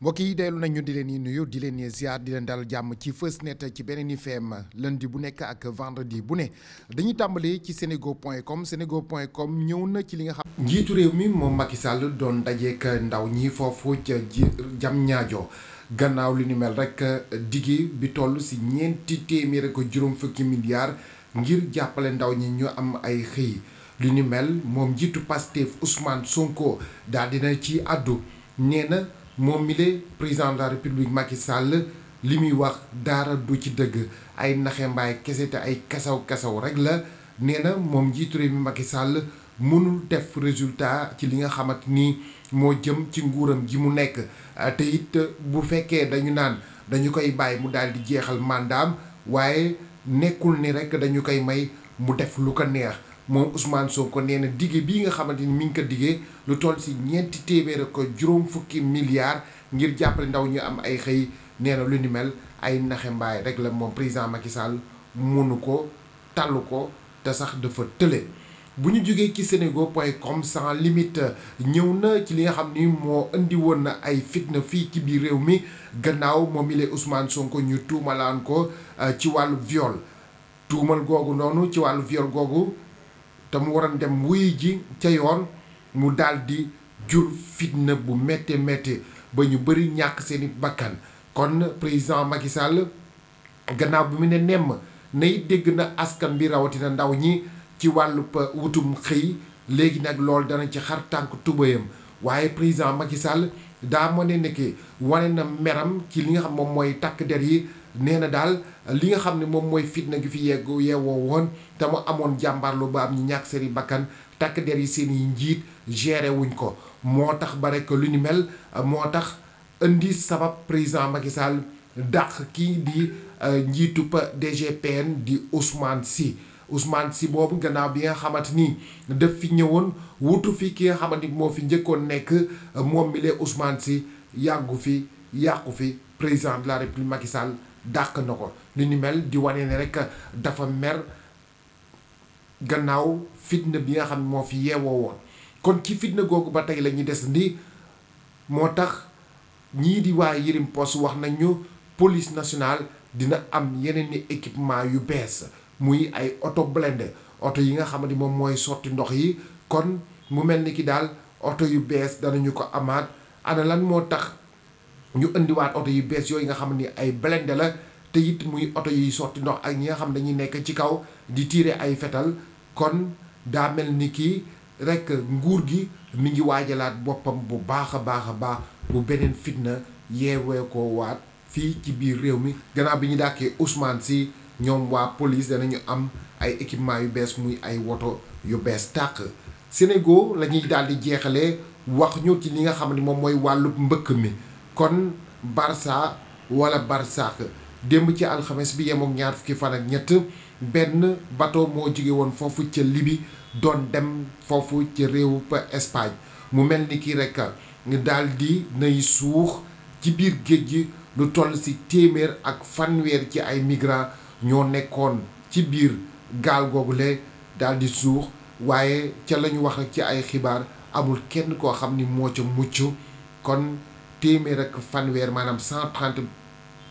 mbokk yi dellu nañu di leen yi nuyu di leen ziar di leen dal jàmm ci Feus Net ci beneen IFM lundi bu nekk ak vendredi bu ne dañuy tàmbali ci comme senego.com senego.com ñëw na ci li nga xam. njiitu réew mi moom Macky Sall doon dajeek ndaw ñi foofu ca ji jam ñaajo gannaaw li nu mel rek digi bi toll si ñeenti téeméer ak juróom fukki milliards ngir jàppale ndaw ñi ñu am ay xëy li ni mel moom njiitu Pastef Ousmane Sonko daal na ci àddu nee moom mi le président de la république Macky Sall li muy wax daara du ci dëgg ay naxe kese te ay kasaw kasaw rek la nee na moom njiitu réew mi Macky Sall mënul def résultat ci li nga xamante ni moo jëm ci nguuram ji mu nekk ah, te it bu fekkee dañu naan dañu koy bàyyi mu daal di jeexal mandaam waaye nekkul ni rek dañu koy may mu def lu ko neex. moom Ousmane Sonko nee na digge bii nga xamante ni mi ngi ko diggee lu toll si ñeenti téeméer ak juróom fukki milliards ngir jàppale ndaw ñu am ay xëy nee na lu ni mel ay naxe rek la moom président Macky Sall mënu ko tàllu ko te sax dafa tële. bu ñu jógee ci senego.com sans limite ñëw na ci li nga xam ni moo indi woon na ay fitna fii ci biir réew mi gannaaw moom ile Ousmane Sonko ñu tuumalaan ko euh, ci wàllu viol tuumal googu noonu ci wàllu viol googu. te mu waroon dem wuy ji ca yoon mu daal di jur fitna bu métte métte ba ñu bëri ñàkk seeni bakkan kon président Macky Sall gannaaw bi mu ne nemm nay dégg na askan bi rawatina ndaw ñi ci wàllub wutum xëy léegi nag loolu dana ci xar tànk tubayam waaye président Macky daa moo ne nekki wane na meram ci li nga xam moom mooy takk der yi nee na daal li nga xam ne moom mooy fitna gi fi yeggu yeewoo woon te mu amoon jàmbaarlu ba am ñu ñàkk seen i bakkan takk der yi seen i njiit géré wuñ ko moo tax ba rek lu ñu mel moo tax indi sabab président Macky Sall dàq kii euh, njiitu njiitub DGPN di Ousmane si Ousmane si boobu gannaaw bi nga xamante ni def fi ñëwoon wutu fi ki nga xamante ni moo fi njëkkoon nekk moom mi lee Ousmane Sy yàggu fi yàqu fi président la République Macky dàq na ko li ni mel di wane ne rek dafa mer gannaaw fitna bi nga xam ne moo fi yeewoo woon kon ci fitna googu ba tey la ñuy des ndi moo tax ñii di waa Yerim Post wax nañu police nationale dina am yeneen ni équipement yu bees muy ay oto blindé oto yi nga ni moom mooy sotti ndox yi kon mu mel ni ki daal oto yu bees danañu ko amaat ana lan moo tax ñu indiwaat oto yu bees yooyu nga xam ni ay blindé la te it muy oto yuy sotti ndox ak ñi nga xam dañuy nekk ci kaw di tiire ay fetal kon daa mel ni kii rek nguur gi mi ngi waajalaat boppam bu baax a baax a baax bu beneen fitna yeewee ko waat fii ci biir réew mi gannaaw bi ñu dàkkee Ousmane si ñoom waa police danañu am ay équipement yu bees muy ay woto yu bees tàq Sénégal la ñuy daal di jeexalee wax ñu ci li nga xam ne moom mooy wàllu mbëkk mi kon Barça walla barsak démb ci alxames bi yemook ñaar fukki fan ak ñett benn bateau moo jóge woon foofu ca libi doon dem foofu ca réew pa Espagne mu mel ni kii rek daal di nay suux ci biir géej gi lu toll si téeméer ak fanweer ci ay migrants. ñoo nekkoon ci biir gaal googule daal di suux waaye ca la ñu wax ci ay xibaar amul kenn koo xam ni moo ca mucc kon téeméer ak fanweer maanaam cent trente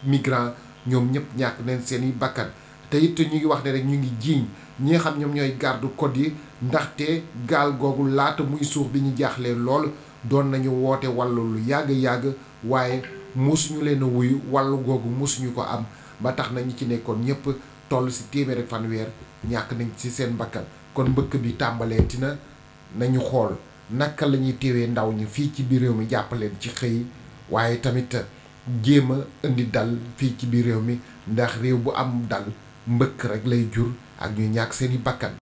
migrants ñoom ñëpp ñàkk nañ seen i bakkan te it ñu ngi wax ne rek ñu ngi jiiñ ñi xam ñoom ñooy garde côtes ndaxte gaal googu laata muy suux bi ñu jaaxlee lool doon nañu woote wàllu lu yàgg yàgg waaye musuñu leen a wuyu wàllu googu musuñu ko am. ba tax nañu ci nekkoon ñëpp toll si téeméeri ak fanweer ñàkk nañ ci seen bakkan kon mbëkk bi tàmbaleeti na nañu xool naka lañuy ñuy ndaw ñi fii ci biir réew mi jàppaleen ci xëy waaye tamit jéem a indi dal fii ci biir réew mi ndax réew bu am dal mbëkk rek lay jur ak ñuy ñàkk seeni bakkan